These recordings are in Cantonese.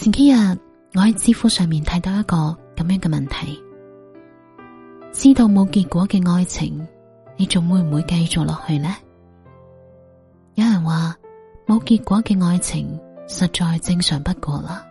前幾日我喺知乎上面睇到一個咁樣嘅問題，知道冇結果嘅愛情，你仲會唔會繼續落去呢？有人話冇結果嘅愛情實在正常不過啦。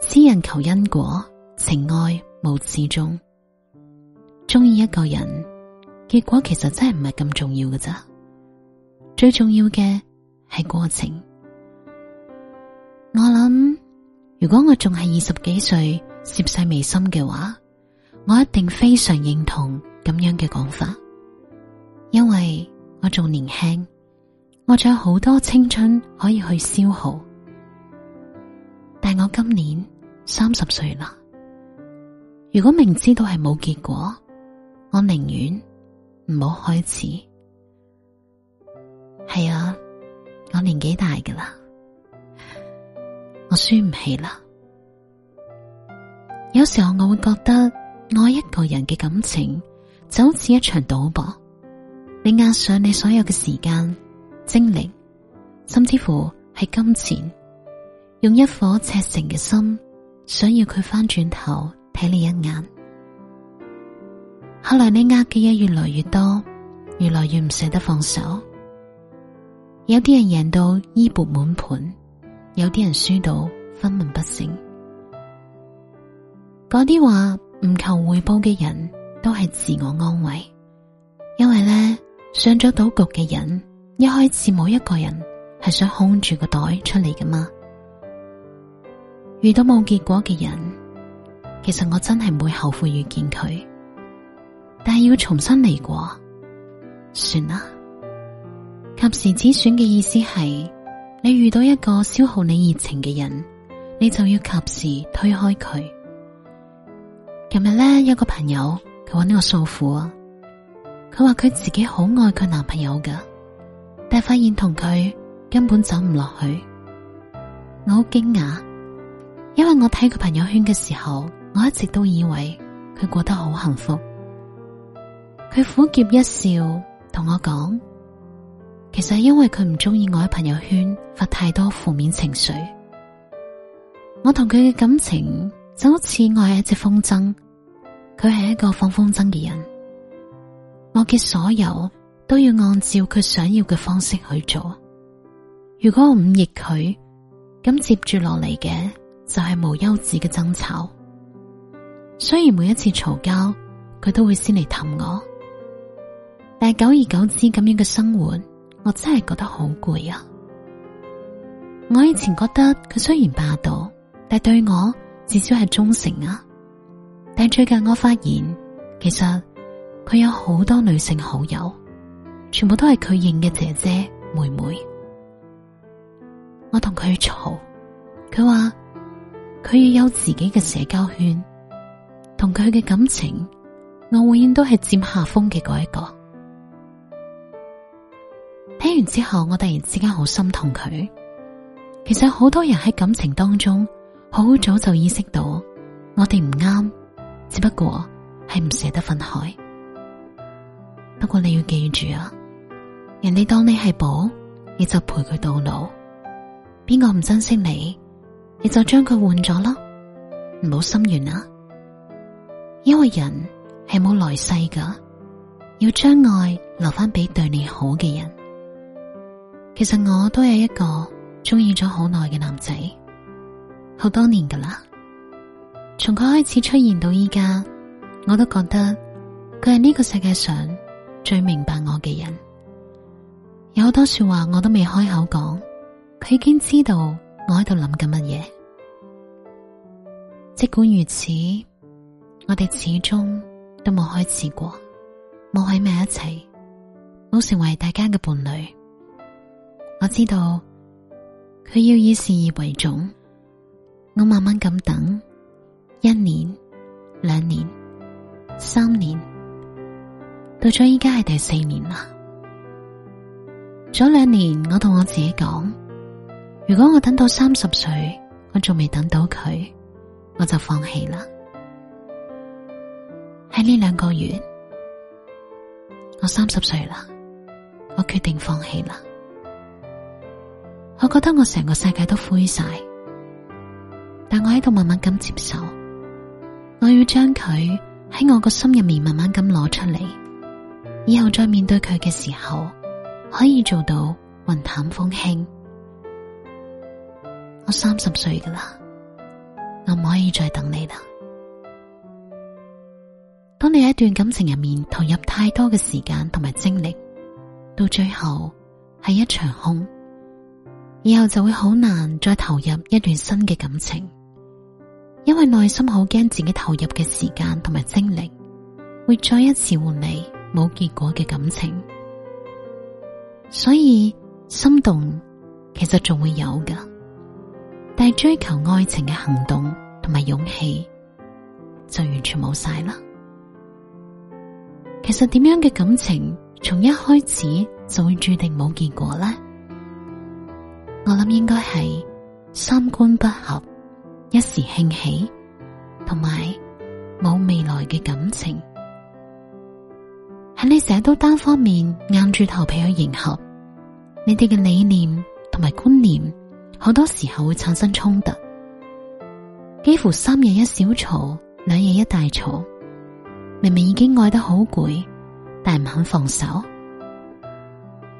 斯人求因果，情愛無始終。中意一個人，結果其實真係唔係咁重要嘅咋，最重要嘅係過程。我諗，如果我仲係二十幾歲涉世未深嘅話，我一定非常認同咁樣嘅講法，因為我仲年輕，我仲有好多青春可以去消耗。但我今年三十歲啦，如果明知道係冇結果，我寧願唔好開始。係啊，我年紀大㗎喇。我輸唔起啦。有時候我會覺得愛一個人嘅感情就好似一場賭博，你押上你所有嘅時間、精力，甚至乎係金錢，用一顆赤誠嘅心，想要佢返轉頭睇你一眼。後來你押嘅嘢越來越多，越來越唔捨得放手。有啲人贏到衣缽滿盤。有啲人輸到分文不剩，嗰啲話唔求回報嘅人都係自我安慰，因為咧上咗賭局嘅人一開始冇一個人係想空住個袋出嚟噶嘛。遇到冇結果嘅人，其實我真係唔會後悔遇見佢，但係要重新嚟過，算啦。及時止損嘅意思係。你遇到一個消耗你熱情嘅人，你就要及時推開佢。琴日呢，有個朋友佢揾我訴苦啊，佢話佢自己好愛佢男朋友噶，但係發現同佢根本走唔落去。我好驚訝，因為我睇佢朋友圈嘅時候，我一直都以為佢過得好幸福。佢苦澀一笑，同我講。其實係因為佢唔中意我喺朋友圈發太多負面情緒。我同佢嘅感情就好似我係一隻風箏，佢係一個放風箏嘅人。我嘅所有都要按照佢想要嘅方式去做。如果我忤逆佢，咁接住落嚟嘅就係無休止嘅爭吵。雖然每一次嘈交，佢都會先嚟氹我，但係久而久之，咁樣嘅生活。我真係覺得好攰啊！我以前覺得佢雖然霸道，但對我至少係忠誠啊。但最近我發現，其實佢有好多女性好友，全部都係佢認嘅姐姐妹妹。我同佢吵，佢話佢要有自己嘅社交圈，同佢嘅感情，我永遠都係佔下風嘅嗰一個。完之後，我突然之間好心痛佢。其實好多人喺感情當中好早就意識到我哋唔啱，只不過係唔捨得分開。不過你要記住啊，人哋當你係寶，你就陪佢到老；邊個唔珍惜你，你就將佢換咗咯。唔好心軟啊，因為人係冇來世噶，要將愛留翻俾對你好嘅人。其實我都有一個鍾意咗好耐嘅男仔，好多年噶啦。從佢開始出現到依家，我都覺得佢係呢個世界上最明白我嘅人。有好多說話我都未開口講，佢已經知道我喺度諗緊乜嘢。盡管如此，我哋始終都冇開始過，冇喺埋一齊，冇成為大家嘅伴侶。我知道佢要以事業為重，我慢慢咁等，一年、兩年、三年，到咗依家係第四年啦。早兩年，我同我自己講：如果我等到三十歲，我仲未等到佢，我就放棄啦。喺呢兩個月，我三十歲啦，我決定放棄啦。我覺得我成個世界都灰晒，但我喺度慢慢咁接受。我要將佢喺我個心入面慢慢咁攞出嚟，以後再面對佢嘅時候，可以做到雲淡風輕。我三十歲㗎啦，我唔可以再等你啦。當你喺一段感情入面投入太多嘅時間同埋精力，到最後係一場空。以後就會好難再投入一段新嘅感情，因為內心好驚自己投入嘅時間同埋精力會再一次換嚟冇結果嘅感情，所以心動其實仲會有噶，但係追求愛情嘅行動同埋勇氣就完全冇晒啦。其實點樣嘅感情從一開始就會注定冇結果咧？我諗應該係三觀不合，一時興起，同埋冇未來嘅感情，喺你成日都單方面硬住頭皮去迎合，你哋嘅理念同埋觀念，好多時候會產生衝突，幾乎三日一小吵，兩日一大吵，明明已經愛得好攰，但唔肯放手，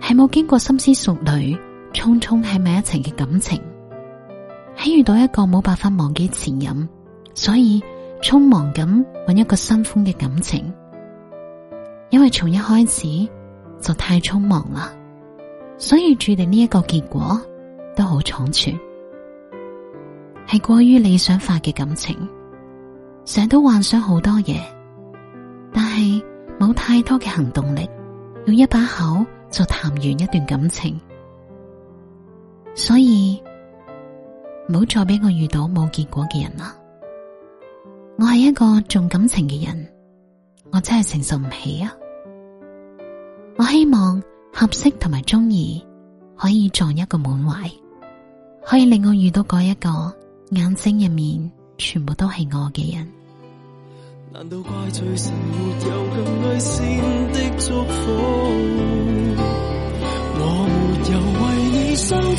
係冇經過深思熟慮。匆匆喺埋一齊嘅感情，喺遇到一個冇辦法忘記前任，所以匆忙咁揾一個新歡嘅感情，因為從一開始就太匆忙啦，所以注定呢一個結果都好倉促，係過於理想化嘅感情，成日都幻想好多嘢，但係冇太多嘅行動力，用一把口就談完一段感情。所以唔好再俾我遇到冇結果嘅人啦！我係一個重感情嘅人，我真係承受唔起啊！我希望合適同埋中意可以撞一個滿懷，可以令我遇到嗰一個眼睛入面全部都係我嘅人。難道怪罪神沒有更耐心的祝福？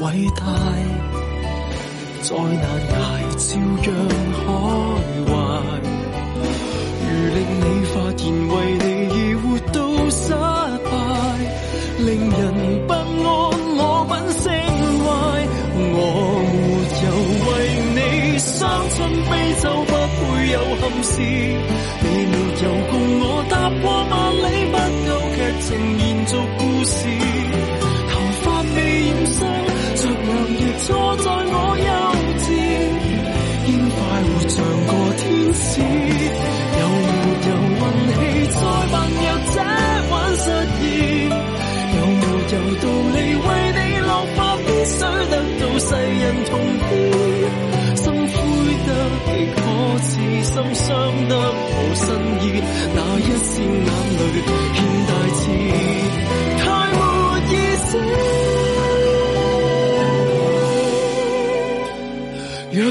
偉大再難捱，照樣開懷。如令你發現，為你而活到失敗，令人不安，我品性壞。我沒有為你傷春悲秋，不配有憾事。你沒有共我踏過萬里，不夠劇情延續故事。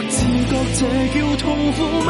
自覺這叫痛苦。